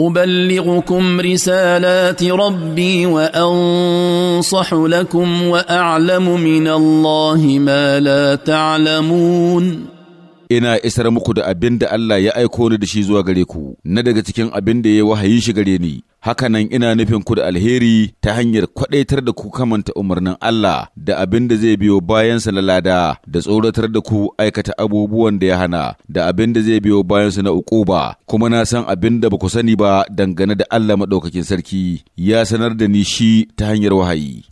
أبلغكم رسالات ربي وأنصح لكم وأعلم من الله ما لا تعلمون ina isar muku da abin da Allah ya aiko ni da shi zuwa gare ku, na daga cikin abin da ya wahayi shi gare ni, hakanan ina nufin ku da alheri ta hanyar kwaɗaitar da ku kamanta umarnin Allah da abin da zai biyo bayan sa lalada da tsoratar da ku aikata abubuwan da ya hana da abin da zai biyo bayan sa na ukuba kuma na san abin da ba ku sani ba dangane da Allah maɗaukakin sarki ya sanar da ni shi ta hanyar wahayi.